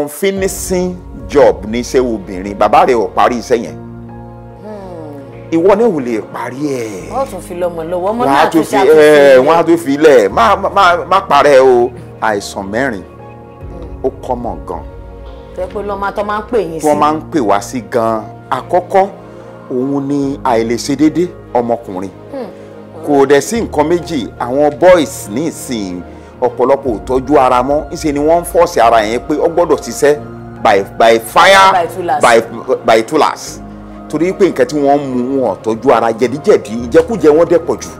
unfinishing job ní iṣẹ́ obìnrin bàbá rẹ̀ ò parí iṣẹ́ yẹn hmm. ìwọ náà ò lè parí ẹ̀. wọ́n tún fi lọ́mọ lọ́wọ́ ọmọ náà tún ṣàtúnṣe ilẹ̀. wọ́n á tún fi ilẹ̀ má parẹ́ o àìsàn mẹ́rin hmm. ó kọ́mọ̀ gan. tẹ́ pé lọ́mọ tó máa ń pè yín sí. wọ́n máa ń pè wá sí gan àkọ́kọ́ òun ni àìlèṣedédé ọmọkùnrin hmm. kò dẹ̀ sí nǹkan méjì àwọn boys ní ìsìn ọ̀pọ̀lọpọ̀ ò tọ́jú ara mọ́ ńṣe ni wọ́n ń fọ́ọ̀sì ara yẹn pé ó gbọ́dọ̀ ṣiṣẹ́ by by fire by by tulas torí pé nǹkan tí wọ́n mú wọn tọ́jú ara jẹ̀díjẹ̀dí ìjẹkújẹ wọn dẹ̀ pọ̀ jù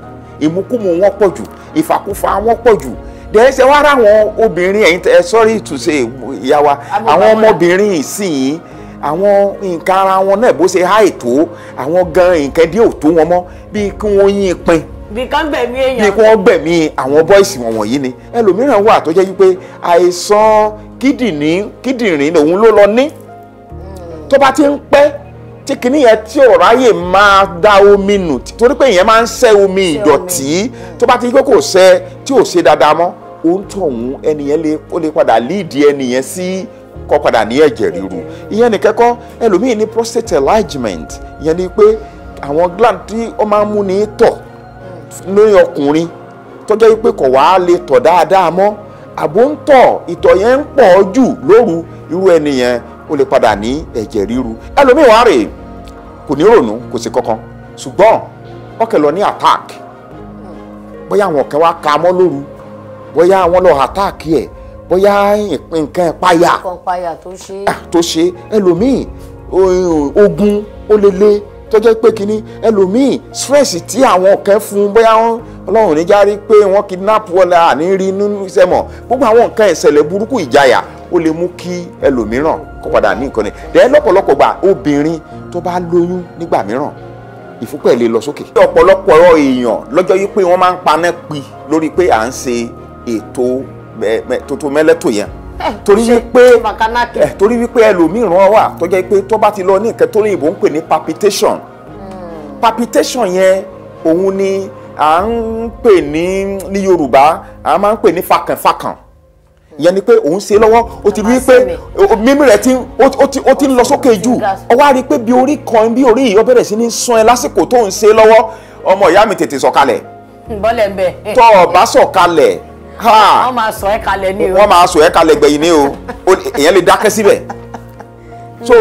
ìmúkúmu wọn pọ̀ jù ìfàkúfà wọn pọ̀ jù dẹ́sẹ̀ wá ráwọn obìnrin ẹ̀yin ẹ sọ́rí ìtúnṣe ìyá wa àwọn ọmọbìnrin ìsìn àwọn nǹkan ara wọn náà bó ṣe háì tó àwọn gan nǹkan díẹ̀ ò tó wọn mọ́ bíi kí wọ́n yín pin bí kan gbẹ̀mí èèyàn. bí wọ́n gbẹ̀mí àwọn bọ́ìsì wọn wọ̀nyí ni ẹlòmíràn wà tó jẹ́ wípé àìsàn kídìní kídìrín òun ló lọ ní tó bá ti ń pẹ́ tí kinní yẹn tí ò ráyè máa da omi nù torí pé ìyẹn máa ń ṣẹ́ omi ìdọ̀tí tó bá ti pé kò ṣẹ́ tí ò ṣe dáadáa mọ́ òun tọ̀hún ẹnìyẹn ó lè padà líìdì ẹnìyẹn sí kọ́ padà ní ẹ̀jẹ̀ ríru ìyẹn nìkẹ́kọ́ ẹlòmíì ní prostate enlargement ìyẹn ni pé àwọn gland tí ó máa ń mú ní tọ̀ ní ọkùnrin tọ́jọ́ wípé kò wá lè tọ̀ dáadáa mọ́ àbó ń tọ̀ ìtọ̀ yẹn ń pọ̀ jù lóru irú ẹni yẹn ó lè padà ní ẹ̀jẹ̀ ríru ẹlòmíì wá rèé kò ní rònú kò sí kankan ṣùgbọ́n ọkẹ́ lọ ní attack bóyá àwọn kan wá ka mọ́ lóru bóyá àwọn lọ attack ẹ̀ bóyá nǹkan ìpayà tó ṣe ah, ẹlòmíì ogun ó lè lé tó jẹ́ pé kínní ẹlòmíì stress tí àwọn kan fún bóyá wọn ọlọ́run ní járí pé wọ́n kidnap wọlé àní rí nínú iṣẹ́ mọ̀ gbogbo àwọn nǹkan ìṣẹ̀lẹ̀ burúkú ìjayà ó lè mú kí ẹlòmíràn kó padà ní nǹkan ni dẹ́ lọ́pọ̀lọpọ̀ gbà obìnrin tó bá lóyún nígbà mìíràn ìfúnpẹ̀ lè lọ sókè. ọ̀pọ̀lọpọ̀ èèyàn lọ́jọ́ yìí pé wọ́n máa ń paná pi lórí pé à ń ṣe ètò tó tó mẹ́lẹ́tò yẹn Eh, torí wípé eh, torí wípé ẹlòmíràn wà tó jẹ́ pé tó bá ti lọ ní nǹkan tó lóyìnbó ń pè ní palpitation hmm. palpitation yẹn òun ni à ń pè ní ní Yorùbá à máa ń pè ní fakànfakàn ìyẹn ni pé òun ṣe lọ́wọ́ ó ti rí pé mímí rẹ̀ ti ó ti ń lọ sókè jù ó wá rí pé bí orí kan bí orí yìí ó bẹ̀rẹ̀ sí ní sán ẹ lásìkò tó ń ṣe lọ́wọ́ ọmọ ìyá mi tètè sọ̀kalẹ̀. tọ́ ọ bá sọ̀kalẹ̀ wọ́n máa sọ ẹ́ kalẹ̀ ní o wọ́n máa sọ ẹ́ kalẹ̀ gbẹ̀yìn ní o èèyàn lè dákẹ́ síbẹ̀ so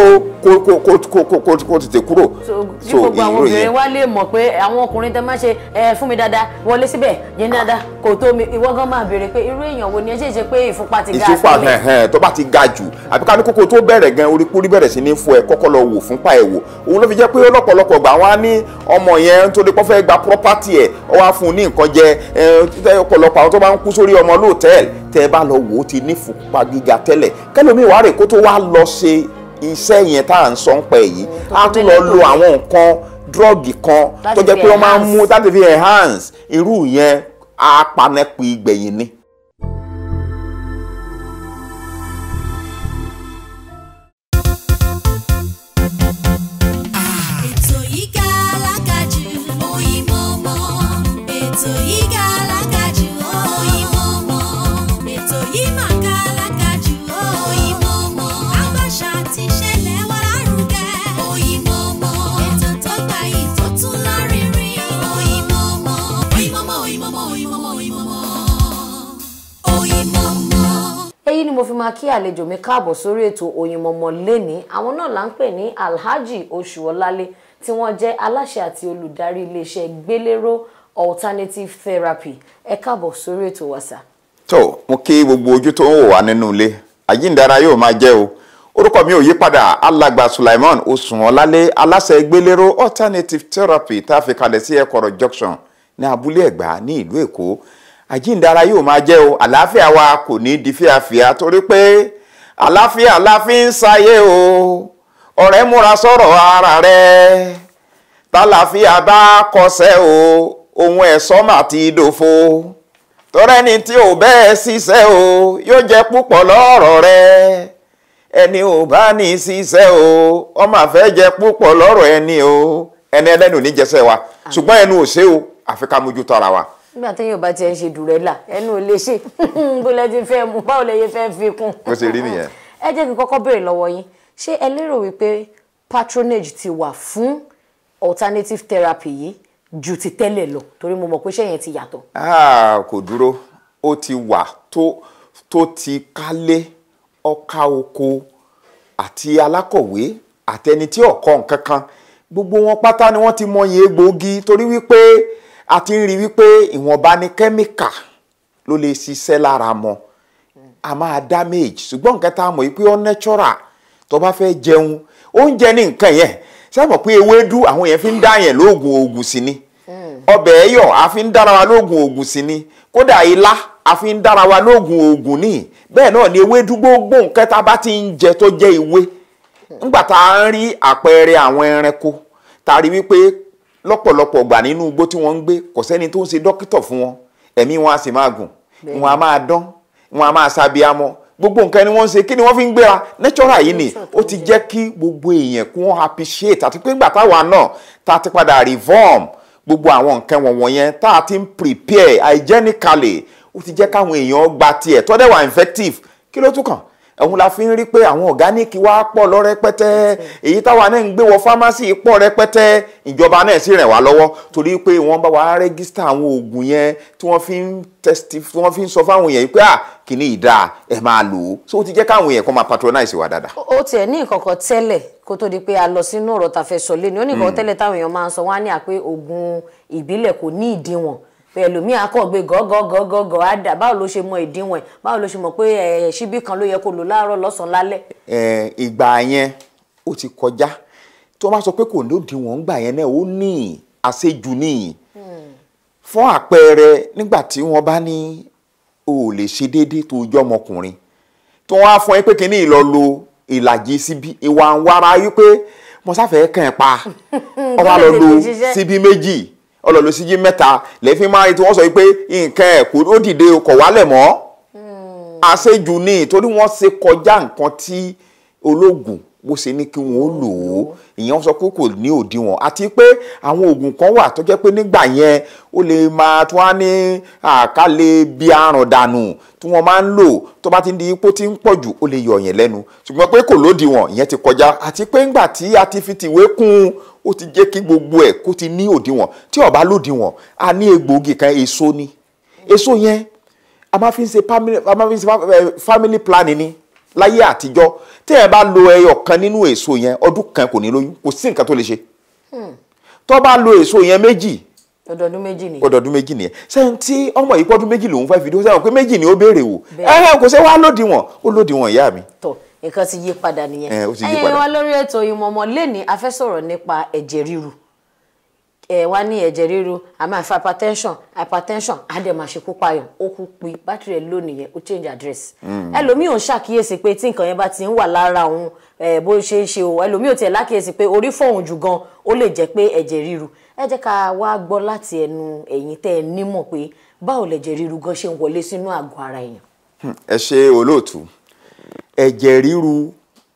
kò kò kò kò kò kò kò tètè kúrò. so gbogbo àwọn obìnrin wa lè mọ̀ pé àwọn ọkùnrin tẹ máa ṣe ẹ fún mi dáadáa wọlé síbẹ̀ yẹn dáadáa kò tó mi ìwọ gan máa béèrè pé irú èèyàn wo ni ẹ ṣe ṣe pé ìfúnpá ti ga àtúnlẹ̀. ìfúnpá hẹ̀hẹ̀ tó bá ti ga jù àbí ká ní kókó tó bẹ̀rẹ̀ gan orí kúrí bẹ̀rẹ̀ sí ní fún ẹ kọ́kọ́ lọ wò fúnpá ẹ wò òun ló fi jẹ́ pé lọ́pọ̀lọpọ̀ gbà wọ́n á ní ọmọ yẹn tó lè kọ́ fẹ́ gba property ẹ̀ ọ wá fún un ní nǹkan jẹ ọ̀pọ̀lọpọ̀ àwọn tó bá ń kú sórí ọmọ lóòtẹ́ẹ̀lì tẹ́ ẹ bá lọ wò ó ti ní fúnpá gíga tẹ́lẹ̀ kẹ́lómi wàá rè kó tó wá lọ ṣe iṣẹ́ yẹn tá à ń sọ ń pẹ́ yìí á tún lọ lo àwọn nǹkan drug kan tó jẹ́ pé wọ́n máa ń mú láti fi enhance irú yẹn á panẹ́pù ìgbẹ̀yìn ni. ètò fi máa kí àlejò mi káàbọ̀ sórí ètò Oyinmomo lẹ́ni àwọn náà là ń pè ní Alhaji Oṣùọlálé tí wọ́n jẹ́ aláṣẹ àti olùdarí iléeṣẹ́ gbéléró alternative therapy ẹ káàbọ̀ sórí ètò wàsà. tó mo kí gbogbo ojú tó ń wò wá nínú ilé àyíǹdara yóò máa jẹ́ o orúkọ mi ò yí padà alàgbà Sulaiman Oṣùọlálé aláṣẹ gbéléró alternative therapy tá a fi kalẹ̀ sí ẹ̀kọ́rọ̀ junction ní abúlé ẹ̀gbá ní ìlú èkó àjíǹdara yóò máa jẹ́ o àlàáfíà wa kò ní di fíàfíà torí pé àlàáfíà la ń sáyé o ọ̀rẹ́ múra sọ̀rọ̀ ara rẹ tàlàáfíà bá kọsẹ̀ o ohun ẹ̀sọ́ mà ti dòfo tọ́rẹ́ ni tí ò bẹ́ẹ̀ ṣiṣẹ́ o yóò jẹ́ púpọ̀ lọ́rọ̀ rẹ ẹni ò bá ní ṣiṣẹ́ o ọmọ àfẹ́ jẹ púpọ̀ lọ́rọ̀ ẹni o ẹni ẹlẹ́nu ò ní jẹsẹ̀ wa ṣùgbọ́n ẹnu ò ṣe o àfi ká mójútó ara wa nígbà téèyàn bá tiẹ̀ ṣe dùrẹ́là ẹnu ò lè ṣe bó lẹ ti fẹ́ mu báwo lẹ yẹ fẹ́ fi kún. ó ṣe rí nìyẹn. ẹ jẹ́ kí n kọ́kọ́ béèrè lọ́wọ́ yín ṣé ẹ lérò wípé patronage ti wà fún alternative therapy yìí ju ti tẹ́lẹ̀ lọ torí mo mọ̀ pé ṣẹ́yìn ti yàtọ̀. Ah, kò dúró ó ti wà tó tó ti kálé ọkà oko àti alákọ̀wé àtẹni tí ọ̀kọ́ nǹkan kan gbogbo wọn pátá ni wọ́n ti mọyì egbòogi torí wípé. a ti ń rí wípé ìwọ̀nba ni kẹ́míkà ló lè ṣiṣẹ́ lára mọ́ a máa damage ṣùgbọ́n nǹkan tá a mọ̀ pé ó natural tó bá fẹ́ jẹun oúnjẹ ní nǹkan yẹn sábà pé ewédú àwọn yẹn fi ń dá yẹn lóògùn oògùn sí ni hmm. ọbẹ̀ ẹ̀yọ̀ a fi ń dára wa lóògùn oògùn sí ni kódà ilá a fi ń dára wa lóògùn oògùn ní bẹ́ẹ̀ náà ni ewédú gbogbo nǹkan tá a bá ti ń jẹ tó jẹ́ ewé ńgbà tá a ń rí àpẹẹrẹ àwọn ẹranko tá wípé lọ́pọ̀lọpọ̀ gbà nínú igbó tí wọ́n ń gbé kò sẹ́ni tó ń ṣe dókítọ̀ fún wọn ẹ̀mí wọn a sì máa gùn wọn a máa dán wọn a máa sabiamọ gbogbo nǹkan ni wọ́n ń ṣe kí ni wọ́n fi ń gbéra natural yìí ni ó ti jẹ́ kí gbogbo èèyàn kí wọ́n appreciate àti pé ńgbà táwa náà tá a ti padà reform gbogbo àwọn nǹkan wọ̀nwọ̀n yẹn tá a ti ń prepare hygienically ó ti jẹ́ káwọn èèyàn gba tiẹ̀ tọ́dẹ̀ wà infective kí ló tún kàn ẹ̀hun la fi ń rí pé àwọn ọ̀gáníìkì wa pọ̀ lọ rẹpẹtẹ èyí táwa náà ń gbé wọ fámásì pọ̀ rẹpẹtẹ ìjọba náà sì ràn wá lọ́wọ́ torí pé wọ́n bá wa rẹ́gísítà àwọn oògùn yẹn tí wọ́n fi ń tẹ́sítì tí wọ́n fi ń sọ fáwọn èèyàn pé à kìíní ìdá ẹ̀ máa lò ó so ó ti jẹ́ káwọn èèyàn kan máa patronize wa dáadáa. ó tiẹ̀ ní ìkọ̀kọ̀ tẹ́lẹ̀ kó tó di pé a lọ sínú ọ̀rọ̀ tàfẹ́ sọ lé ẹlòmíì akọ̀gbé gọ́gọ́gọ́gọ́ àdá báwo ló ṣe mọ ìdíwọ̀n báwo ló ṣe mọ pé ẹ ṣíbí kan ló yẹ kó lò láàárọ̀ lọ́sàn-án lálẹ́. ìgbà yẹn ó ti kọjá tó bá sọ pé kò lódiwọ̀n gbà yẹn náà ó ní àṣejù níyì hmm. fún àpẹẹrẹ nígbà tí wọ́n bá ní o ò lè ṣe déédéé tó jọ ọmọkùnrin tó wọ́n á fún ẹ pé kíní ìlọ lo ìlàjì síbi ìwà ń wára wípé mo sáfẹ́ kàn pa ọ lọ lo síbi méjì ọlọ́lọ́ síjí mẹ́ta lẹ́fí máa tí wọ́n sọ pé nǹkan ẹ̀kú ó dìde ọkọ̀ wálẹ̀ mọ́ hmm. àṣejù ni torí wọ́n ṣe kọjá nǹkan tí ológun bó ṣe ní kí wọn ó lò ó ìyẹn sọ pé kò ní òdiwọ̀n àti pé àwọn oògùn kan wà tó jẹ́ pé nígbà yẹn ó lè máa tún á ní àkálẹ̀ bí àrùn dànù tí wọ́n máa ń lò tó bá ti di ipò tí ń pọ̀ jù ó lè yọ yẹn lẹ́nu ṣùgbọ́n pé kò lódiwọ̀n ìyẹn ti kọjá àti pé ńgbà tí a ti fi tìwé kún ó ti jẹ́ kí gbogbo ẹ̀ kó ti ní òdiwọ̀n tí ó bá a ní egbòogi kan èso ni èso yẹn a máa fi ń ṣe eh, family planning ni láyé àtijọ́ tí ẹ bá lo ẹyọ kan nínú èso yẹn ọdún kan kò ní lóyún kò sí nǹkan tó lè ṣe hmm. tó bá lo èso yẹn méjì ọdọọdún méjì nìyẹn ọdọọdún méjì nìyẹn sẹ́yìn tí ọmọ yìí pọ́dún méjì lòun fẹ́ fìdí ó sẹ́yìn pé méjì ni ó béèrè wò ẹ̀hẹ́ kò ṣe wá lòdìwọ̀n ó lòdìwọ̀n ìyá mi. tọ nǹkan ti yí padà nìyẹn ẹ̀yin wa lórí ètò ìmọ̀ọ́mọ́ lẹ́ni a fẹ́ sọ̀rọ̀ nípa ẹ̀jẹ̀ ríru ẹ wá ní ẹ̀jẹ̀ ríru a máa fa hypertension hypertension á dẹ̀ máa ṣekú payàn ó kú pi bátìrì ẹ̀ lónìí yẹn ó change address. Mm. ẹlòmíì ò ń ṣàkíyèsí pé tí nǹkan yẹn bá ti ń wà lára òun bó ṣe é ṣe o ẹlòmíì ò tiẹ̀ lákíyèsí pé orí fọ̀hún jù gan ó lè jẹ́ pé ẹ̀jẹ̀ ríru ẹ jẹ́ ká wá gbọ́ láti ẹnu ẹ̀yin tẹ́ ẹ nímọ̀ pé báwo lẹ̀jẹ̀ ríru gan ṣe ń wọlé sínú àgọ́ ara èèyàn. Hmm, ẹ ṣe olóòtú ẹ̀jẹ̀ ríru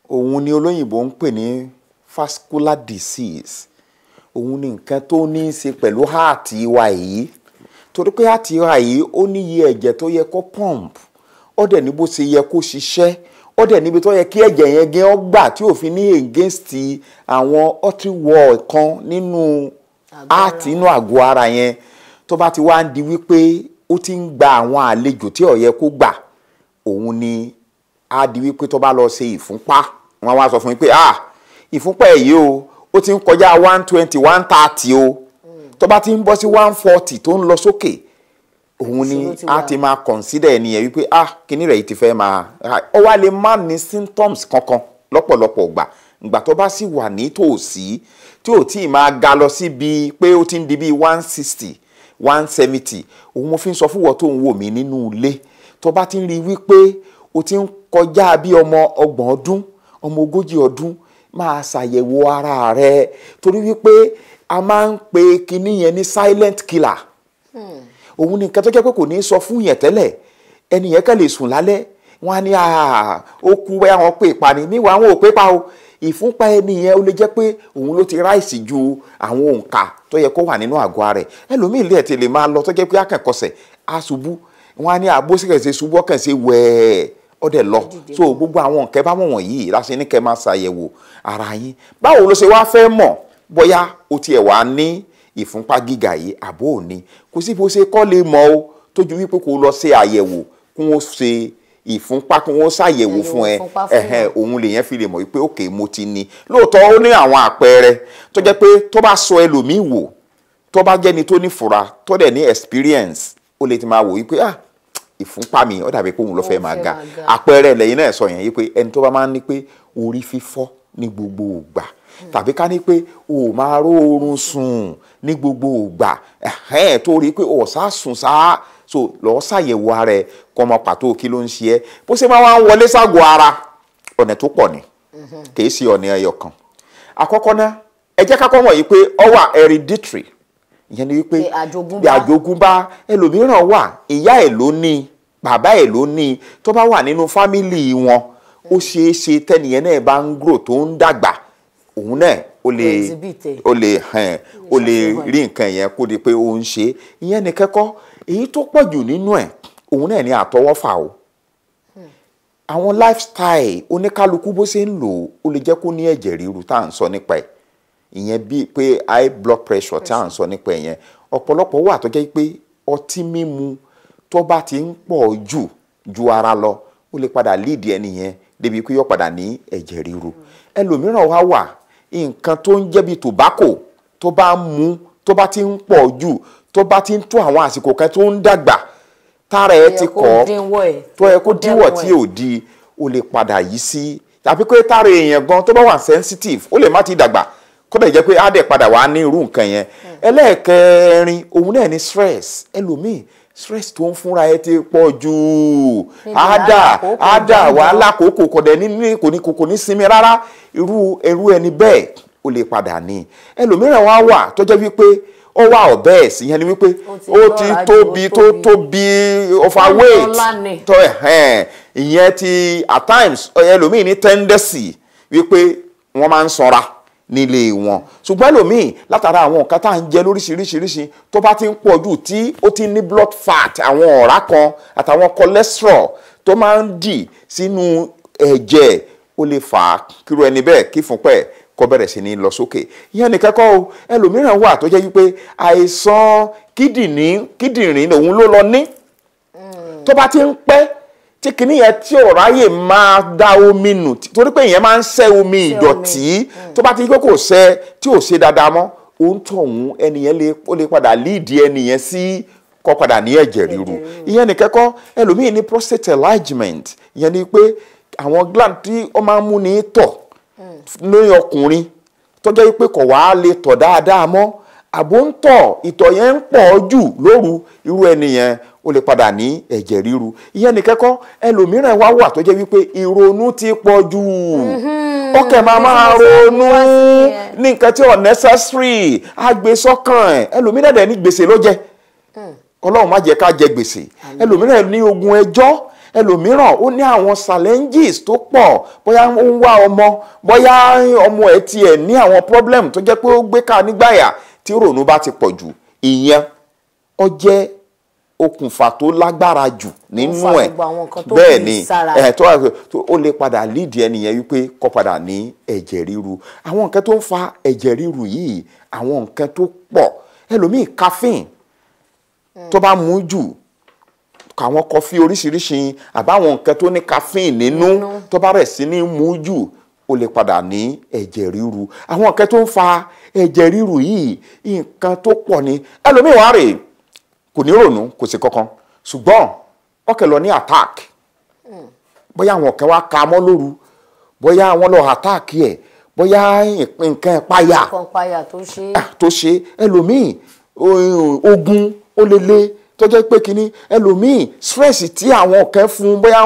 òun ni olóyìnbó ń pè ní vascular disease òun ni nǹkan tó ní í ṣe pẹ̀lú háàtì wa yìí torí pé háàtì wa yìí ó ní iye ẹ̀jẹ̀ tó yẹ kó pump ó dẹ̀ ní bó ṣe yẹ kó ṣiṣẹ́ ó dẹ̀ níbi tó yẹ kí ẹ̀jẹ̀ yẹn gé ọ gbà tí òfin ní against àwọn artery wall kan nínú háàtì inú àgọ́ ara yẹn tó bá ti wá ń di wípé ó ti ń gba àwọn àlejò tí ó kó gbà òun ni á di wípé tó bá lọ ṣe ìfúnpá wọn wá sọ fún mi pé ah ìfúnpá ẹ̀ o ó ti ń kọjá one twenty one thirty o tó bá ti ń bọ́ sí one forty tó ń lọ sókè òun ni a ti máa consider ẹni yẹn wípé ah kíní rẹ̀ yìí ti fẹ́ máa ọ wá lè má ní symptoms kankan lọ́pọ̀lọpọ̀ gbà ìgbà tó bá sì wà nítòsí tí ò tí ì máa ga lọ sí bíi pé ó ti ń di bíi one sixty one seventy òun mo fi ń sọ fún wọn tó ń wò mí nínú ilé tó bá ti ń rí wípé o ti ń kọjá bí ọmọ ọgbọ̀n ọdún ọmọ ogójì ọdún máa ṣàyẹ̀wò ara rẹ torí wípé a máa ń pe kinní yẹn ní silent killer hmm. òun ni nǹkan tó jẹ́ pé kò ní sọ fún yẹn tẹ́lẹ̀ ẹni yẹn kàn lè sùn lálẹ́ wọn á ó kú bẹ́ẹ̀ àwọn pè pa ni níwọ̀n ò pé pa o ìfúnpá ẹni yẹn ó lè jẹ́ pé òun ló ti ráìsì ju àwọn òǹkà tó yẹ kó wà nínú àgọ́ rẹ̀ ẹlòmíì lè tẹ̀lé máa lọ tó jẹ́ pé akẹ́kọ̀ọ́sẹ̀ á wọn á ní àbó ṣubú ọkàn ṣe wẹ̀ẹ́ ó dẹ̀ lọ so gbogbo àwọn nǹkan bá wọ̀n yìí láti ní kẹ́ máa ṣàyẹ̀wò ara yín báwo ló ṣe wá fẹ́ mọ̀ bóyá o tiẹ̀ wá ní ìfúnpá gíga yìí àbó ò ní kò sí bó ṣe kọ́ lè mọ̀ o tójú wípé kò lọ ṣe àyẹ̀wò kí wọ́n ṣe ìfúnpá kí wọ́n ṣàyẹ̀wò fún ẹ ẹ̀hẹ̀n òun lèyẹn fi lè mọ̀ wípé òkè mo ti ní lóòótọ́ ó ní àwọn àpẹẹrẹ tó jẹ́ pé tó bá sọ ẹlòmíì wò tó bá jẹ́ni tó ní fura tó dẹ̀ ní experience ó lè ti máa wò wípé ah ìfúnpá mi ó dàbí pé òun ló fẹ́ máa ga àpẹẹrẹ lẹ́yìn náà sọ yẹn yìí pé ẹni tó bá máa ń ní pé orí fífọ́ ní gbogbo ìgbà hmm. tàbí ká ní pé o máa ró oorun sùn ní gbogbo ìgbà tó rí i pé ọ̀sá sùn sáá so lọ ṣàyẹ̀wò ara ẹ kọ́ ọmọ pàtó kí ló ń ṣe ẹ́ bó ṣe máa ń wọlé ságọ̀ ara ọ̀nà tó pọ̀ ni hmm. kì í ṣe ọ̀nà ẹyọ àkọ́kọ́ náà ẹ jẹ́ ká kọ́ mọ̀ pé ó wà hereditary ìyẹn ni wípé àjogúnbá ẹlòmíràn wà ìyá ẹ̀ ló ní bàbá ẹ̀ ló ní tó bá wà nínú fámìlì wọn ó ṣeé ṣe tẹ́nìyẹn náà bá ń grow tó ń dàgbà òun náà o lè o lè hàn o lè rí nǹkan yẹn kó di pé o ń ṣe ìyẹn ni kẹ́kọ́ èyí tó pọ̀ jù nínú ẹ̀ òun náà ni àtọwọ́fà o àwọn lifestyle oníkálukú bó ṣe ń lò ó lè jẹ́ kó ní ẹ̀jẹ̀ ríru tá à ń sọ nípa ẹ̀ ìyẹn bíi pé high blood pressure tá à ń sọ nípa ìyẹn ọ̀pọ̀lọpọ̀ wà tó jẹ́ pé ọtí mímu tó bá ti ń pọ̀ jù ju ara lọ ó lè padà lead ẹni yẹn débi pé yóò padà ní ẹ̀jẹ̀ ríru ẹlòmíràn wá wà nǹkan tó ń jẹ́ bíi tobacco tó bá ń mu tó bá ti ń pọ̀ jù tó bá ti ń tó àwọn àsìkò kan tó ń dàgbà tára ẹ ti kọ́ tó yẹ kó dínwọ̀ tí ò di ó lè padà yí sí tàbí pé tára èèyàn gan tó bá wà sensitive ó lè má ti dàgbà kódà ìjẹ́ pé á dẹ̀ padà wá ní irú nǹkan yẹn hmm. ẹlẹ́ẹ̀kẹrin òun náà ni stress ẹlòmíì stress tó ń fúnra ẹ ti pọ̀ jù ádà ádà wàhálà kòókò kọ̀dẹ̀ ní kò ní kòkò ní sinmi rárá irú irú ẹni bẹ́ẹ̀ ó lè padà ní ẹlòmíràn wá wà tó jẹ́ wípé ó wà ọ̀bẹ́ ẹ̀sìn yẹn ni wípé ó ti tóbi tó tóbi overweight tó ìyẹn ti at times ẹlòmíì ní tendency wípé wọ́n máa ń sanra nílé wọn ṣùgbọ́n ẹlòmíì látara àwọn nǹkan tá à ń jẹ lóríṣiríṣiríṣi tó bá ti ń pọ̀ jù tí ó ti ní blood fat àwọn ọ̀rá kan àtàwọn cholesterol tó máa ń dì sínú ẹ̀jẹ̀ ó lè fà á kíru ẹni bẹ́ẹ̀ kí fúnpẹ́ kó bẹ̀rẹ̀ sí ní lọ sókè ìyẹn nìkan kọ́ o ẹlòmíràn wà tó jẹ́ wípé àìsàn kídìní kídìrín òun ló lọ ní mm. tó bá ti ń pẹ́ tí kìíní yẹn tí ò ráyè máa dá omi nù torí pé ìyẹn máa ń sẹ́ omi ìdọ̀tí mm. tó bá ti kó kò sẹ́ tí ò ṣe dáadáa mọ́ òun tọ̀hún ẹnìyẹn lè padà líìdì ẹnìyẹn sí kọ́ padà ní ẹ̀jẹ̀ ríru ìyẹn ní ẹlòmíì ní prostate enlargement ìyẹn ni pé àwọn gland tí ó máa ń mú ní tọ̀ mm. lóyún ọkùnrin tó jẹ́ pé kò wá lè tọ̀ dáadáa mọ́ àbó ń tọ̀ ìtọ̀ yẹn ń pọ̀ jù lóru irú ẹnìyẹn ó lè padà ní ẹ̀jẹ̀ ríru ìyẹn nìkẹ́kọ́ ẹlòmíràn wá wà tó jẹ́ wípé ìrònú ti pọ̀ jù mhm. ó máa máa ronú ní nǹkan tí ò necessary agbésọ́kàn ẹ̀ ẹlòmíràn dẹ̀ ní gbèsè ló jẹ hmm. ọlọ́run má jẹ́ ká jẹ gbèsè ẹlòmíràn ní ogun ẹjọ́ ẹlòmíràn ó ní àwọn challenges tó pọ̀ bóyá ó ń wá ọmọ bóyá ọmọ ẹ̀ tiẹ̀ ní àwọn problem tó jẹ́ pé ó gbé ká nígbàyà tí rònú bá ti pọ̀ jù ìyẹn ó okùnfà tó lágbára jù nínú ẹ̀ bẹ́ẹ̀ ni ẹ̀ tó ó lè padà lídìí ẹnìyẹn wípé kó padà ní ẹ̀jẹ̀ ríru àwọn nǹkan tó ń fa ẹ̀jẹ̀ ríru yìí àwọn nǹkan tó pọ̀ ẹlòmíì caffeine tó bá mú jù àwọn kọfí oríṣiríṣi àbáwọn nǹkan tó ní caffeine nínú tó bá rẹ̀ sí ní mú jù ó lè padà ní ẹ̀jẹ̀ ríru àwọn nǹkan tó ń fa ẹ̀jẹ̀ ríru yìí nǹkan tó pọ̀ ni ẹlòmíì wá rèé kò ní rònú kò sí kankan ṣùgbọ́n wọ́n lọ ní attack bóyá àwọn kan wá ka mọ́ lóru bóyá àwọn lọ attack ẹ̀ bóyá nǹkan ìpayà tó ṣe ah, ẹlòmíì ogun ó lè lé tó jẹ́ pé kínní ẹlòmíì stress tí àwọn kan fún bóyá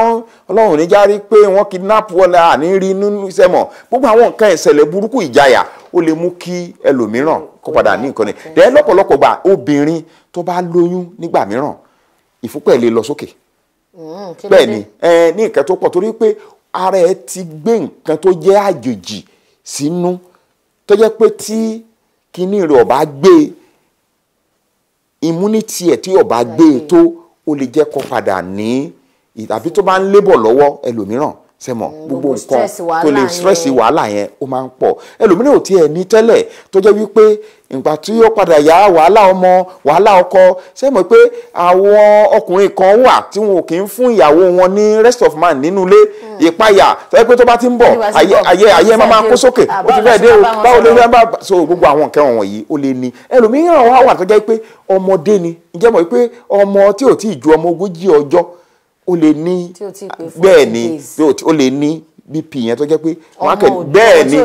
ọlọ́run níjà rí pé wọ́n kidnap wọlé àní rí gbogbo àwọn nǹkan ìṣẹ̀lẹ̀ burúkú ìjayà ó lè mú kí ẹlòmíràn kó padà ní nǹkan ni dẹ́ lọ́pọ̀lọpọ̀ gbà obìnrin tó bá lóyún nígbà mìíràn ìfúnpẹ̀ lè lọ sókè hmm, bẹ́ẹ̀ ni ní nǹkan tó pọ̀ torí pé ara ẹ ti gbé nǹkan tó jẹ́ àjèjì sínú tó jẹ́ pé tí kinní rẹ̀ ọ̀bá gbé immunity ẹ̀ tí ọ̀bá gbé e tó ó lè jẹ́ kó padà ní tàbí tó bá ń lébọ̀ lọ́wọ́ ẹlòmíràn sẹ́mọ̀ mm, gbogbo nǹkan tó lè stress wàhálà yẹn ó máa ń pọ̀ ẹlòmíràn ò tiẹ̀ ní tẹ́lẹ̀ tó jẹ́ wípé ìgbà tí ó padà yá wàhálà ọmọ wàhálà ọkọ sẹ́mọ̀ pé àwọn ọkùnrin kan wà tí wọn ò kì í fún ìyàwó wọn ní rest of man nínú ilé mm. ìpayà sẹ́yìn pé tó bá ti ń bọ̀ ayé ayé máa máa kó sókè ó ti fẹ́ dé o báwo ló ń bá so gbogbo àwọn nǹkan wọ̀nyí ó lè ní ẹlòmíràn wà tó jẹ́ pé ọmọdé ni ǹjẹ́ mọ̀ pé ọmọ tí ò tí ì ju ọmọ ogójì ọjọ́ ó lè ní bẹ́ẹ̀ ni ó lè ní bp yẹn tó jẹ́ pé bẹ́ẹ̀ ni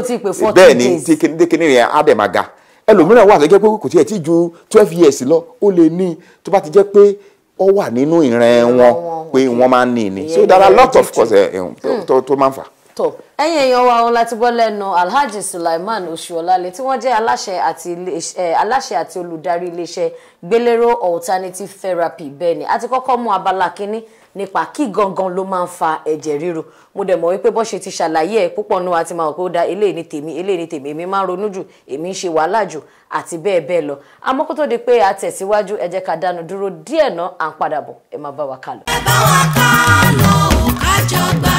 bẹ́ẹ̀ ni tí kíní yẹn á dẹ̀ máa ga ẹlòmíràn wà tó jẹ́ pé kò tiẹ̀ tí ju twelve years lọ ó lè ní tó bá ti jẹ́ pé ó wà nínú ìran wọn pé wọ́n máa ní ni so there are lots of course. Eh, eh, tó máa ń fà tọ èèyàn wa òun láti gbọ́ lẹ́nu alhaji sulaiman oṣuọlálẹ tí wọ́n jẹ́ aláṣẹ àti eh, aláṣẹ àti olùdarí iléeṣẹ́ gbélérò alternative therapy bẹ́ẹ̀ ni a ti kọ́kọ́ mú abala kínní nípa kí gangan ló máa ń fa ẹ̀jẹ̀ ríru mo dẹ̀ mọ̀ wípé bó ṣe ti ṣàlàyé ẹ̀ púpọ̀ nù àti máa wọ̀ da eléyìí ni tèmi eléyìí ni tèmi èmi máa ń ronú jù èmi ń ṣe wàhálà jù àti bẹ́ẹ̀ bẹ́ẹ̀ lọ àmọ́ kó tó di pé a tẹ̀síwájú ẹ jẹ́ ká dánu dúró díẹ̀ náà à ń padà bọ̀ ẹ máa bá wa kálọ. ẹ bá wa kálọ àjọgbá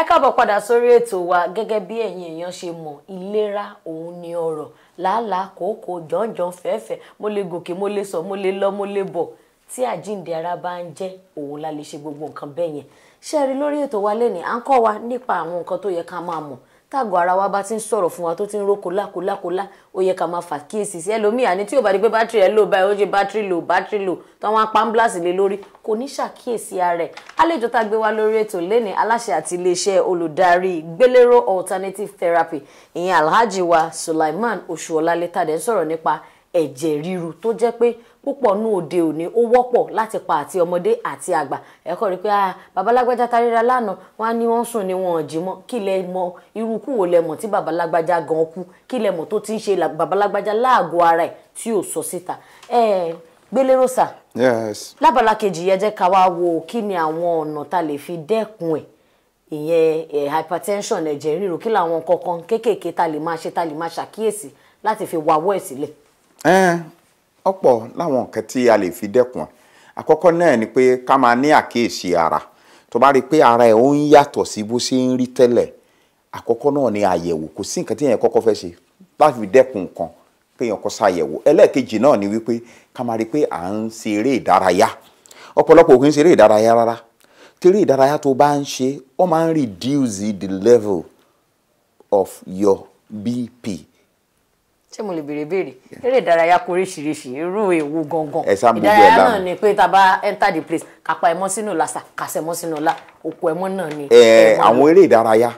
ẹ káàbọ̀ padà sórí ètò wa gẹ́gẹ́ bí ẹ̀yin èèyàn ṣe mọ̀ ìlera òun ni ọrọ̀ làálàá kòókò jọ̀ǹjọ̀ǹ fẹ́ẹ́fẹ́ mo lè gòkè mo lè sọ mo lè lọ mo lè bọ̀ tí àjíǹde ara bá ń jẹ́ òun la lè ṣe gbogbo nǹkan bẹ́ẹ̀ yẹn ṣe é rí lórí ètò wa lẹ́nìí à ń kọ́ wa nípa àwọn nǹkan tó yẹ ká máa mọ̀ táàgọ̀ ara wa bá ti ń sọ̀rọ̀ fún wa tó ti ń ró kólákólákólá ó yẹ ká máa fà kíyèsí sí ẹlòmíì àní tí ò bá di pé bátìrì ẹ lò báyìí ó ṣe bátìrì lò bátìrì lò táwọn apámbláàsì lé lórí kò ní ṣàkíyèsí ara àlejò tá a gbé wá lórí ètò lẹ́ni aláṣẹ àti iléeṣẹ́ olùdarí gbélérò alternative therapy ìyẹn alhaji wa Sulaiman Oṣuọlálé tàdé ń sọ̀rọ̀ nípa ẹ̀jẹ̀ ríru tó jẹ́ pé púpọ̀ nú òde òní ó wọ́pọ̀ láti pa àti ọmọdé àti àgbà ẹ̀kọ́ rí pé ah babalágbájá taríra lánàá wọn á ní wọ́n sùn ni wọn ò jí mọ́ kí lẹ mọ irú kú wo lẹ mọ̀ tí babalágbájá gan kú kí lẹ mọ̀ tó ti ń ṣe babalágbájá láàgọ́ ara ẹ̀ tí ò sọ síta gbélérosà lábala kejì yẹn jẹ́ ká wá wo kí ni àwọn ọ̀nà tá lè fi dẹ́kun ẹ̀ ìyẹn hypertension ẹ̀jẹ̀ ríru kí làwọn kankan kéékèèké tá lè máa ṣe tá lè máa ṣàkíyèsí láti fi wawọ́ ẹ̀ sílẹ̀ ọ̀pọ̀ láwọn nǹkan tí a lè fi dẹ́kun àkọ́kọ́ náà ni pé ká máa ní àkíyèsí ara tó bá rí i pé ara ẹ̀ ó ń yàtọ̀ sí bó ṣe ń rí tẹ́lẹ̀ àkọ́kọ́ náà ni àyẹ̀wò kò sí nǹkan tí èèyàn kọ́kọ́ fẹ́ ṣe láti fi dẹ́kun nǹkan pé èèyàn kọ́ ṣàyẹ̀wò ẹlẹ́ẹ̀kejì náà ni wípé ká máa rí i pé à ń ṣe eré ìdárayá ọ̀pọ̀lọpọ̀ ò kí ń ṣe eré ìdárayá rárá tẹ́rẹ́ ìdárayá tó bá ń ṣe ó máa ń reduce the level of your BP ṣé mo lè béèrè béèrè eré ìdárayá kó oríṣiríṣi irú èwo gangan ìdárayá náà ni pé tá a bá enter the place kápá ẹmọ sínú làṣà kàṣẹ ẹmọ sínú ọlá òkú ẹmọ náà ni. ẹ àwọn eré ìdárayá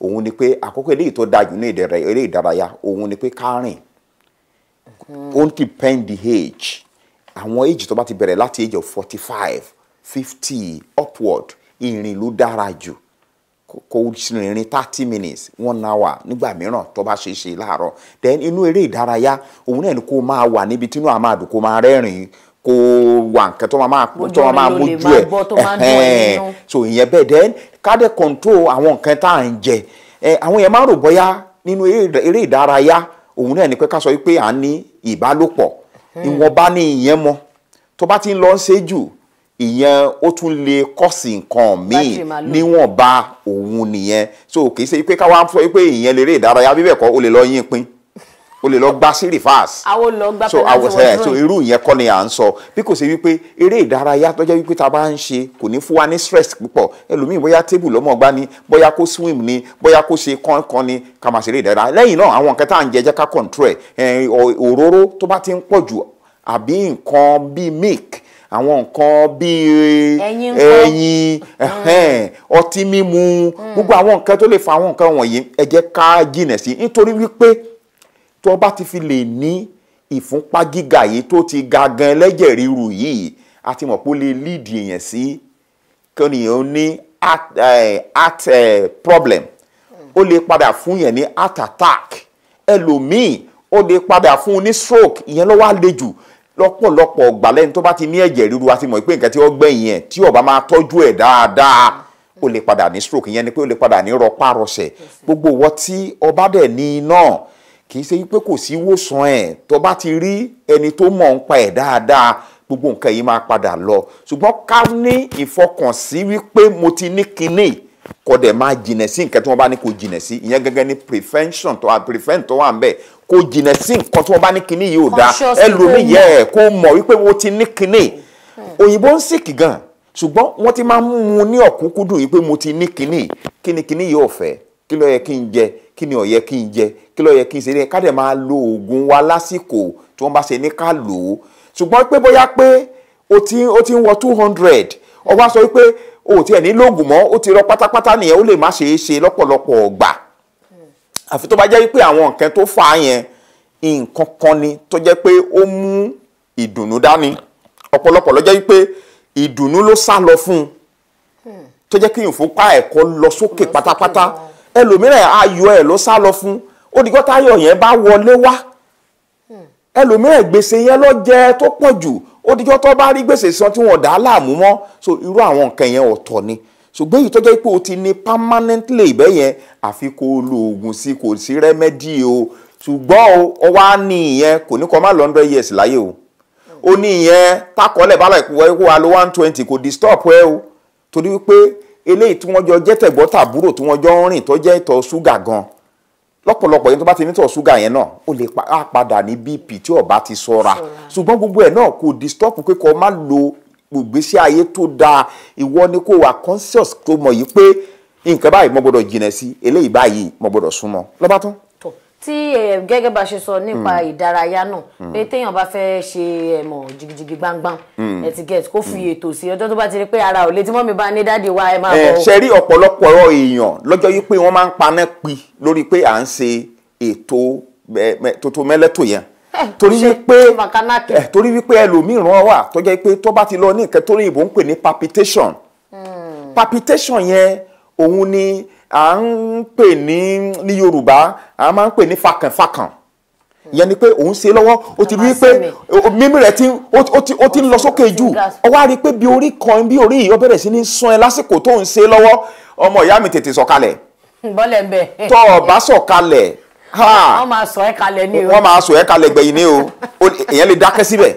òun ni pé àkókò eléyìí tó dáa jù ní eré ìdárayá òun ni pé kárìn mm-hmm. ó depend the age àwọn age tó bá ti bẹ̀rẹ̀ láti age of forty five fifty upward ìrìn ló dára jù kó rìn thirty minutes one hour nígbà mìíràn tó bá ṣe ṣe láàárọ̀ then inú eré ìdárayá òun náà ni kó máa wà níbi tínú àmọ́ àdùkó máa rẹ́rìn-ín kó wà nǹkan tó máa tó máa mójú ẹ̀ so ìyẹn bẹ́ẹ̀ then ká dẹ̀ control àwọn nǹkan tá à ń jẹ àwọn yẹn máa rò bóyá nínú eré ìdárayá òun náà ni pé ká sọ pé à ń ní ìbálòpọ̀ ìwọ̀nba ni ìyẹn mọ tó bá ti ń lọ ń ṣe jù ìyẹn ó tún lè kọ́sì nǹkan míì níwọ̀nba òun nìyẹn so kì í ṣe pé káwá sọ pé ìyẹn lérè ìdárayá bíbẹ̀ kọ́ o lè lọ yín pín o lè lọ gba sírìfàs so àwòsàn so irú ìyẹn kọ́ ni à ń sọ bí kò ṣe wípé eré ìdárayá tọ́jọ́ wípé ta bá ń ṣe kò ní fún wa ní stress púpọ̀ ẹlòmíì bóyá tébù lọ́mọ̀gbá ni bóyá kó swim ni bóyá kó ṣe kọ́ńkọ́n ni ká máa ṣeré ìdárayá lẹ́yìn náà àwọn nǹkan tá à ń jẹ jẹ́ ká control ẹ̀ òróró tó bá ti ń pọ̀ jù àbí nǹkan bíi milk àwọn nǹkan bíi ẹyin mm. ọtí mímu mm. gbogbo àwọn nǹkan tó lè fa àwọn nǹkan wọ̀nyí ẹ jẹ́ ká jìnà sí nítorí wípé tó bá ti fi lè ní ìfúnpá gíga yìí tó ti ga gan lẹ́jẹ̀ ríru yìí a ti mọ̀ pé ó lè lead èèyàn sí kẹ́nìyàn ní heart eh, eh, problem ó lè padà fún yẹn ní heart attack ẹlòmíì ó lè padà fún un ní stroke ìyẹn ló wá le jù lọ́pọ̀lọpọ̀ ọgbà lẹ́ni tó bá ti ní ẹ̀jẹ̀ ríru a ti mọ̀ pé nǹkan tí ó gbẹ̀yìn ẹ̀ tí ó máa tọ́jú ẹ̀ dáadáa ó lè padà ní stroke ìyẹn ni pé ó lè padà ní rọpárọsẹ̀ gbogbo wọ́n tí ọba dẹ̀ ní náà kì í ṣe pé kò sí ìwòsàn ẹ̀ tó bá ti rí ẹni tó mọ̀ ń pa ẹ̀ dáadáa gbogbo nǹkan yìí máa padà lọ ṣùgbọ́n ká ní ìfọkànsí wípé mo ti ní kinní kọ́ dẹ̀ máa jìnà sí nǹkan tí wọ́n bá ní kó jìnà sí ìyẹn gẹ́gẹ́ ní prevention tó wà prevent tó wà ń bẹ̀ kó jìnà sí nǹkan tí wọ́n bá ní kinní yìí ò dáa ẹlòmíì yẹ ẹ kó mọ̀ wípé wo ti ní kinní hmm. òyìnbó ń sìkì gan ṣùgbọ́n wọ́n ti máa ń mu ní ọ̀kúnkúndùn yìí pé mo ti ní kinní kíni kinní yìí ò fẹ́ kí ló yẹ kí n jẹ kí ni ò kí n jẹ kí ló yẹ kí n ṣe ní ká máa lo oògùn wa lásìkò tí wọ́n bá ṣe ní ká lò ó ṣùgbọ́n pé bóyá pé o ti o ti ń wọ two hundred ọwọ́ sọ wípé o ò tiẹ̀ ní lóògùn mọ́ o ti rọ pátápátá nìyẹn ó lè má ṣeé lọ́pọ̀lọpọ̀ ọgbà àfi tó bá jẹ́ pé àwọn nǹkan tó fà á yẹn nǹkan kan ni tó jẹ́ pé ó mú ìdùnnú dání ọ̀pọ̀lọpọ̀ ló jẹ́ pé ìdùnnú ló sá lọ fún un hmm. tó jẹ́ kí ìfúnpá ẹ̀kọ́ lọ sókè pátápátá ẹlòmíràn ayọ̀ ẹ̀ ló sá lọ fún ó dìgbọ́ táyọ̀ yẹn bá wọlé wá hmm. ẹlòmíràn gbèsè yẹn ló jẹ tó pọ̀ jù ó tó bá rí gbèsè san tí wọ́n dá láàmú mọ́ so irú àwọn nǹkan yẹn ọ̀tọ̀ ni ṣùgbọ́n èyí tó jẹ́ pé o ti ní permanently bẹ́ẹ̀ yẹn àfi kó o lo oògùn sí kò sí rẹ́mẹ́dì o ṣùgbọ́n o wá ní ìyẹn kò ní kọ́ má lọ hundred years láyé o ó ní ìyẹn takọ́lẹ̀ bá láìpẹ́ wọ́n wá lo one twenty kò disturb ẹ o torí wípé eléyìí tí wọ́n jọ jẹ́ tẹ̀gbọ́n tàbúrò tí wọ́n jọ ń rìn tó jẹ́ ìtọ̀ ṣúgà gan lọ́pọ̀lọpọ̀ yẹn tó bá ti nítọ̀ ṣúgà yẹn náà ó lè padà ní bp tí ó bá ti ṣọ́ra ṣùgbọ́n gbogbo ẹ̀ náà kò disturb pé kó má lo ìgbésí ayé tó dáa ìwọ ni kó wà conscious tó mọ̀ yìí pé nǹkan báyìí mo gbọ́dọ̀ jìnà sí eléyìí báyìí mo gbọ́dọ̀ súnmọ́ lọ́ba tán. tí gẹ́gẹ́ bá ṣe sọ nípa hmm. ìdárayá náà hmm. pé téèyàn bá fẹ́ ṣe ẹ̀mọ̀ jìgìjìgì gbangban hmm. ẹ̀ ti get kó fi ètò sí ọjọ́ tó bá ti rí pé ara ò lè tí mọ́mi bá ní dáàdi wa ẹ máa bọ̀. ṣe rí ọ̀pọ̀lọpọ̀ èèyàn lọ́jọ́ yìí pé wọ́n máa ń paná pi lórí pé à ń ṣe ètò tó tó mẹ́lẹ́tò yẹn torí wípé eh, torí wípé ẹlòmíràn wà tó jẹ́ pé tó bá ti lọ ní nǹkan tó ní ìbò ń pè ní palpitation hmm. palpitation yẹn òun ni à ń pè ní ní Yorùbá à máa ń pè ní fakànfakàn hmm. ìyẹn ni pé òun ṣe lọ́wọ́ ó ti rí pé mímí rẹ̀ ti ń lọ sókè jù ó wá pé bí orí kan bí orí yìí ó bẹ̀rẹ̀ sí ní sún ẹ lásìkò tó ń ṣe lọ́wọ́ ọmọ ìyá mi tètè sọ̀kalẹ̀ bọ́lẹ̀ bẹ́ẹ̀ bá sọ̀kalẹ̀ wọ́n máa sọ ẹ́ kalẹ̀ ní o. wọ́n máa sọ ẹ́ kalẹ̀ gbẹ̀yìn ní o èèyàn lè dákẹ́ síbẹ̀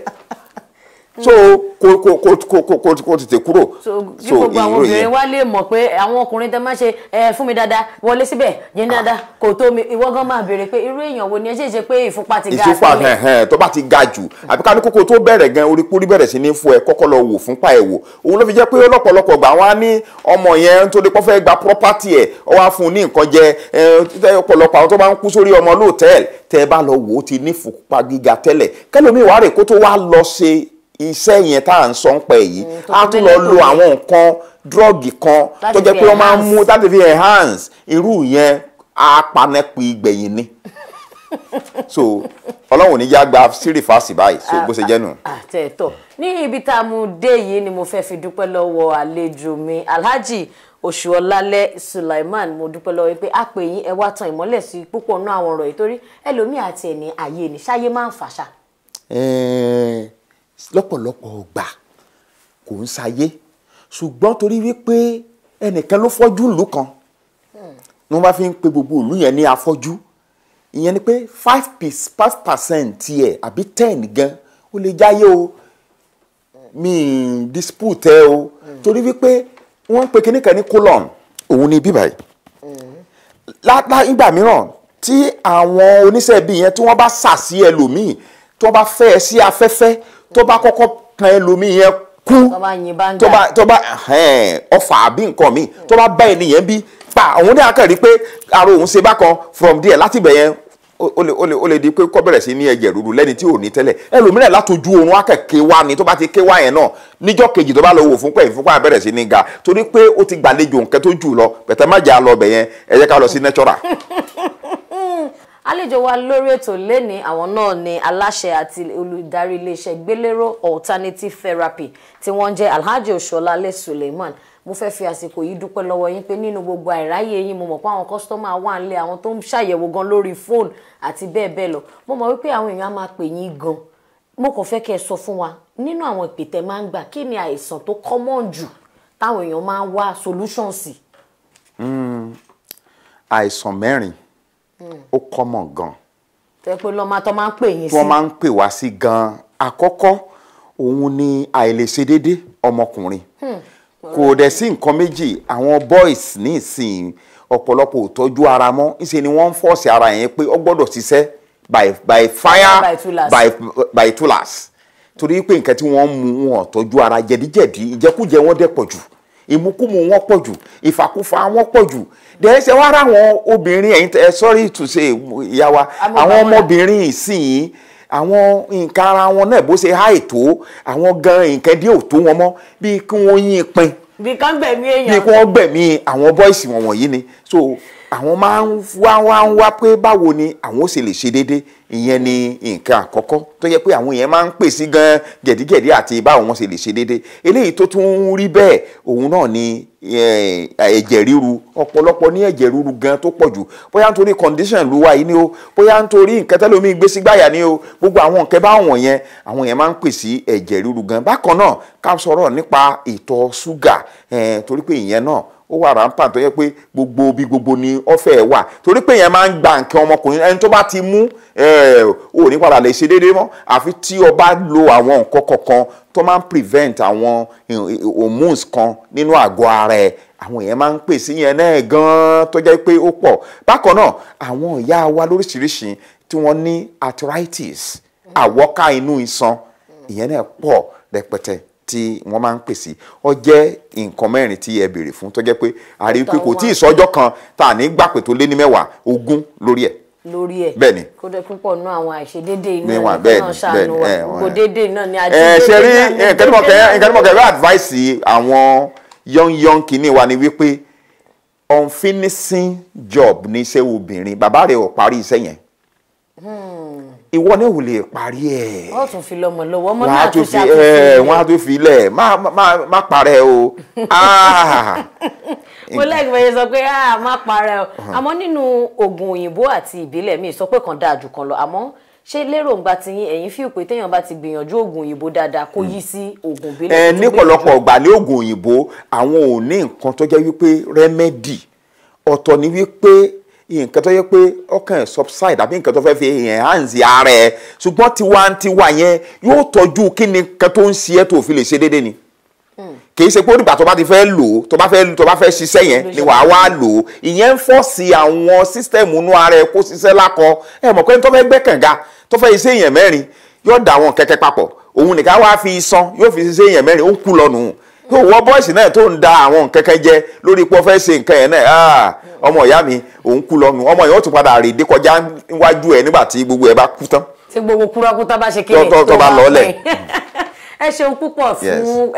so kò kò kò kò kò kò kò tètè kúrò. so kí gbogbo àwọn obìnrin wa lè mọ̀ pé àwọn ọkùnrin tẹ máa ṣe ẹ fún mi dáadáa wọlé síbẹ̀ yẹn dáadáa kò tó mi ìwọ gan máa béèrè pé irú èèyàn wo ni ẹ ṣe ṣe pé ìfúnpá ti ga jù. ìfúnpá hàn hàn tó bá ti ga jù àbí ká ní kókó tó bẹ̀rẹ̀ gan orí kúrí bẹ̀rẹ̀ sí ní fún ẹ kọ́kọ́ lọ wò fúnpá ẹ̀ wò òun ló fi jẹ́ pé lọ́pọ̀lọpọ̀ gbà wọ́n á ní ọmọ yẹn nítorí pé fẹ́ gba property ẹ̀ ọ wá fún un ní nǹkan jẹ tó bá bá lọ wò ó ti ní fúnpá gíga tẹ́lẹ̀ kẹ́lómi wàá rè kó tó wá lọ ṣe iṣẹ́ yẹn tá à ń sọ ń pẹ́ yìí á mm, tún lọ lo àwọn nǹkan drọ́ọ̀gì kan tó jẹ́ pé wọ́n máa ń mú láti fi enhance irú yẹn apanẹ́pù ìgbẹ̀yìn ni so ọlọ́run ní yá gba sírì fásì báyìí so ah, bó ṣe jẹ́ nù. àtẹ̀tọ̀ ah, ah, ní ibi tá a mú dé yìí ni mo fẹ́ fi dúpẹ́ lọ́wọ́ àlejò mi alhaji Òṣùọlálẹ́ Sulaiman mo dúpẹ́ lọ́wọ́ pé a pè yín ẹ wá tan ìmọ́lẹ̀ sí púpọ̀ nínú àwọn ọ̀rọ̀ yìí torí ẹlòmíì àti ẹ̀ní àyè ní ṣáyé máa ń fàṣà lọ́pọ̀lọpọ̀ ọgbà kò ń ṣayé ṣùgbọ́n torí wípé ẹnìkan ló fọ́jú ìlú kan ni wọ́n bá fi ń pe gbogbo ìlú yẹn ní afọ́jú ìyẹn ni pé five piece five percent tiẹ̀ àbí ten gan ó lè jáyé o mi dispute ẹ o torí wípé wọ́n ń pe kinní ní colon òun ni bíbá yìí látà ìgbà mìíràn tí àwọn oníṣẹ́ ibi yẹn tí wọ́n bá sà sí ẹlòmíì tí wọ́n bá fẹ́ ẹ sí afẹ́fẹ́ tó bá kọ́kọ́ kan ẹlòmíì yẹn kú tó bá ọfà àbí nǹkan míì tó bá bá ènìyàn bí pa òun ní akẹ́rì pé ara òun ṣe bákan from there láti bẹ̀ yẹn o le o le o le di pé kó bẹ̀rẹ̀ sí ní ẹ̀jẹ̀ rúru lẹ́ni tí ò ní tẹ́lẹ̀ ẹlòmíràn látọjú oorun akẹ́kẹ́ wa ni tó bá ti ké wa yẹn náà níjọ́ kejì tó bá lọ wò fún pé ìfúnpá bẹ̀rẹ̀ sí ní ga torí pé ó ti gbàlejò nǹkan tó jù lọ bẹ̀tẹ̀ má jà lọ bẹ̀ yẹn ká lọ sí nẹ́tọ́rà. àlejò wa lórí ètò lẹ́ni àwọn náà ni aláṣẹ àti olùdarí iléeṣẹ́ gbélérò alternative therapy tí wọ́n ń alhaji oshola le suleiman mo fẹ́ fi àsìkò yìí dúpẹ́ lọ́wọ́ yín pé nínú gbogbo àìráyè yín mo mọ̀ pé àwọn kọ́sítọ́mà wà ń lé àwọn tó ń ṣàyẹ̀wò gan lórí fóònù àti bẹ́ẹ̀ bẹ́ẹ̀ lọ mo mọ̀ wípé àwọn èèyàn á máa pè yín gan mo kàn fẹ́ kẹ́ ẹ sọ fún wa nínú àwọn ìpè tẹ́ máa ń gbà kí ni àìsàn tó common jù táwọn èèyàn máa ń wá solution sí. Hmm, àìsàn mẹ́rin. Mm ó kọ́mọ̀ gan. tẹ pé lọ́mọ tó máa ń pè yín sí. wọ́n máa ń pè wá sí gan àkọ́kọ́ òun ni àìlèṣedédé ọmọkùnrin hmm. kò dẹ̀ sí nǹkan méjì àwọn boys ní ìsìn ọ̀pọ̀lọpọ̀ òtọ́jú ara mọ́ ńṣe ni wọ́n ń fọ́ọ̀sì ara yẹn pé ó gbọ́dọ̀ ṣiṣẹ́ by by fire by tulas by, by tulas torí pé nǹkan tí wọ́n ń mu wọn ọ̀tọ́jú ara jẹ̀díjẹ̀dí ìjẹkújẹ wọn dẹ̀ pọ̀ ìmukúmu wọn pọ̀ jù ìfàkúfà wọn pọ̀ jù dẹ́sẹ̀ wá rà àwọn obìnrin ẹ̀yìn tẹ sọ́rí ìtúnṣe ìyá wa àwọn ọmọbìnrin ìsìn àwọn nǹkan ara wọn náà bó ṣe há ètò àwọn gan nǹkan díẹ̀ ò tó wọn mọ́ bíi kí wọ́n yín pin bíi kí wọ́n gbẹ̀mí àwọn bọ́ìsì wọn wọ̀nyí ni so àwọn máa ń wá wá ń wá pé báwo ni àwọn ó ṣe lè ṣe déédéé ìyẹn ni nǹkan àkọ́kọ́ tó yẹ pé àwọn yẹn máa ń pèsè gan gẹ̀dígẹ̀dí àti báwo wọ́n ṣe lè ṣe déédéé eléyìí tó tún ń rí bẹ́ẹ̀ òun náà ni ẹ̀jẹ̀ ríru ọ̀pọ̀lọpọ̀ ní ẹ̀jẹ̀ ríru gan tó pọ̀ jù bóyá nítorí condition ló wà ni o bóyá nítorí nǹkan tẹ́lómi gbé sí gbáyà ni o gbogbo àwọn nǹkan bá wọ̀n yẹn àwọn yẹn máa ń pèsè ẹ̀jẹ̀ ríru gan bákan náà ká sọ̀rọ̀ nípa ìtọ̀ ṣúgà torí pé ìyẹn náà ó wà ráńpà tó yẹ pé gbogbo bí gbogbo ni ọ̀fẹ́ wà torí pé yẹn máa ń gba nǹkan ọmọkùnrin ẹni tó bá ti mú ò eh, ní padà lè ṣe déédéé mọ́ àfi tí o bá lo àwọn nǹkan kọ̀ọ̀kan tó máa ń prevent àwọn eh, hormones kan nínú àgọ́ ara ẹ̀ àwọn èèyàn máa ń pè sí yẹn náà gan-an tó jẹ́ pé ó pọ̀ bákan náà àwọn ìyá wa lóríṣiríṣi tí wọ́n ní arthritis àwọ́ká inú iṣan ìyẹn náà pọ̀ rẹpẹtẹ tí wọ́n máa ń pè sí ọ jẹ́ nǹkan mẹ́rin tí ẹ béèrè fún tó jẹ́ pé a pé kò tí ì sọ́jọ́ kan tá a ní gbà pé tó lé ní mẹ́wàá ogún lórí ẹ̀ lórí ẹ bẹ́ẹ̀ni kó dẹ púpọ̀ nú àwọn àìṣedéédé iná ní náà ṣàánú wa kò déédé náà ni àìṣedéédé náà ni déédé náà ni. kẹ́tùmọ̀kẹ́ bá advice àwọn yọ́nyọ́n kìíní wa ni wípé unfinishing job ní iṣẹ́ obìnrin bàbá rẹ̀ ò parí iṣẹ́ yẹn ìwọ náà ò lè parí ẹ̀. wọ́n tún fi lọ́mọ lọ́wọ́ ọmọ náà tún ṣàtúnṣe rẹ̀ wọ́n á tún fi lẹ̀ má parẹ́ o. Ah. mo lẹ́gbẹ̀ẹ́ bẹ́ẹ̀ sọ pé ah, má parẹ́ o uh-huh. àmọ́ nínú oògùn òyìnbó àti ìbílẹ̀ mi sọ pé kan dáa jù kan lọ àmọ́ ṣé lérògbà ti yín ẹ̀yin fi pé téèyàn bá ti gbìyànjú oògùn òyìnbó dáadáa kó yí sí oògùn ìbílẹ̀. ẹ nípọ̀lọpọ̀ ọgbà ní oògùn òyìnbó àwọn ò ní nǹkan tó jẹ́ wípé rẹ́mẹ́dì ọ̀tọ̀ ni wípé nǹkan tó yẹ pé ọkàn subside àbí nǹkan tó fẹ́ fi enhance ara ẹ̀ ṣùgbọ́n tiwantiwa yẹn yóò tọ́jú kí ni nǹkan tó ń ṣe ẹ́ tó fi lè ṣe déédéé ni hmm. kì í ṣe pé onígbà tó bá ti fẹ́ lò ó tó bá fẹ́ tó bá fẹ́ ṣiṣẹ́ yẹn ni wàá wá lò ó ìyẹn ń fọ́ọ̀sì àwọn sísítẹ̀mù inú ara ẹ̀ kó ṣiṣẹ́ lákọ ẹ mọ̀ pé tó fẹ́ gbẹ́ kànga tó fẹ́ iṣẹ́ èèyàn mẹ́rin yóò dà wọn kẹ́kẹ́ papọ̀ òun nìkan wá fi iṣan yóò fi ṣiṣẹ́ èèyàn mẹ́rin ó kú lọ́nù tó wọ bọ́ọ̀sì náà tó ń da àwọn nǹkan kan jẹ lórí pọ́ fẹ́ ṣe nǹkan yẹn náà ah, ọmọ ìyá mi òun kú lọ́nu ọmọ yẹn ó tún padà rèé dé kọjá níwájú ẹ̀ nígbà tí gbogbo ẹ̀ bá kú tán. tí gbogbo kúrakúta bá ṣe kéde tó bá lọ́ọ̀lẹ̀ ẹ ṣeun púpọ̀ fún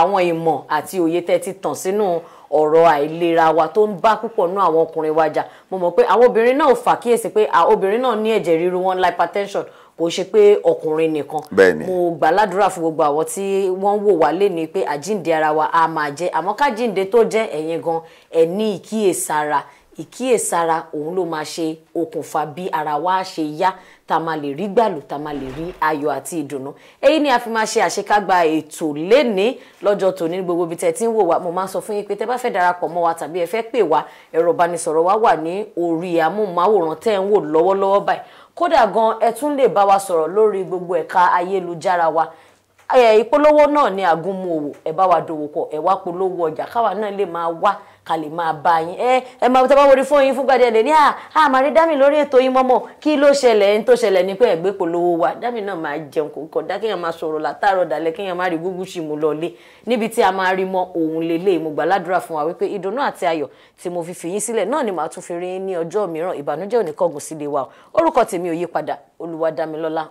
àwọn ìmọ̀ àti òye tẹ́ ti tàn sínú ọ̀rọ̀ àìlera wa tó ń bá púpọ̀ nú àwọn ọkùnrin wa jà mo mọ̀ pé àwọn obìnrin náà fàkíyèsí pé obìnrin náà ní ẹ̀jẹ̀ ríru wọn hypertension kò ṣe pé ọkùnrin nìkan mo gbàládùra fún gbogbo àwọn tí wọ́n wò wá léni pé àjíǹde ara wa a máa jẹ́ àmọ́ kájíǹde tó jẹ́ ẹ̀yin gan ẹ̀ ní ìkíyèsára ìkíyèsára òun ló máa ṣe okùnfà bí ara wa ṣe yá tá a máa lè rí gbàlù tá a máa lè rí ayọ̀ àti ìdùnnú èyí ni a fi máa ṣe àṣekágbá ètò léni lọ́jọ́ tòní gbogbo ibi tẹ́ ti ń wò wá mo máa ń sọ fún yín pé tẹ́ bá fẹ́ darapọ̀ mọ́ wa tàbí ẹ fẹ́ pè wá ẹ̀rọ ìbánisọ̀rọ̀ wa wà ní orí amóhùnmáwòrán tẹ́ ń wò lọ́wọ́lọ́wọ́ báyìí kódà gan ẹ tún lè bá wa sọ̀rọ̀ lórí gbogbo ẹ̀ka ayélujára wa ìpolówó náà ni àgúnmu òwò ẹ bá wa dòwò pọ̀ ẹ wá polówó ọjà káwa náà lè máa wá ká lè máa bá yín ẹ ẹ máa tọ́ bá wọlé fún yín fúngbà díẹ̀ lè ní à máa rí dámì lórí ètò yín mọ́mọ́ kí ló ṣẹlẹ̀ ń tó ṣẹlẹ̀ ni pé ẹ̀gbẹ́ polówó wa dámì náà máa jẹun kò kọ̀dá kéèyàn máa sọ̀rọ̀ látàárọ̀ dalẹ̀ kéèyàn máa rí gúgú sí mu lọ́lé níbi tí a máa rí mọ òun lélẹ̀ mo gbà ládùúrà fún wa wípé ìdùnnú àti ayọ̀ tí mo fi fi yín sílẹ̀ náà ni màá tún fi rí ní ọjọ́ mìíràn ìbànújẹ́ ò ní kọ̀gùn sílé wa orúkọ tèmi ò yí padà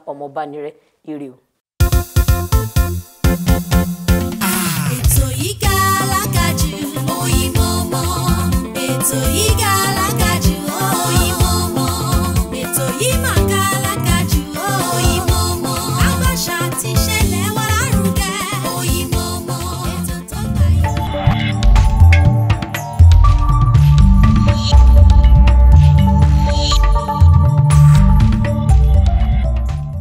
ọmọ Bánirẹ́ ire o ètò yìí ga alákàjù òyìnbó mọ́ ètò yìí ga alákàjù.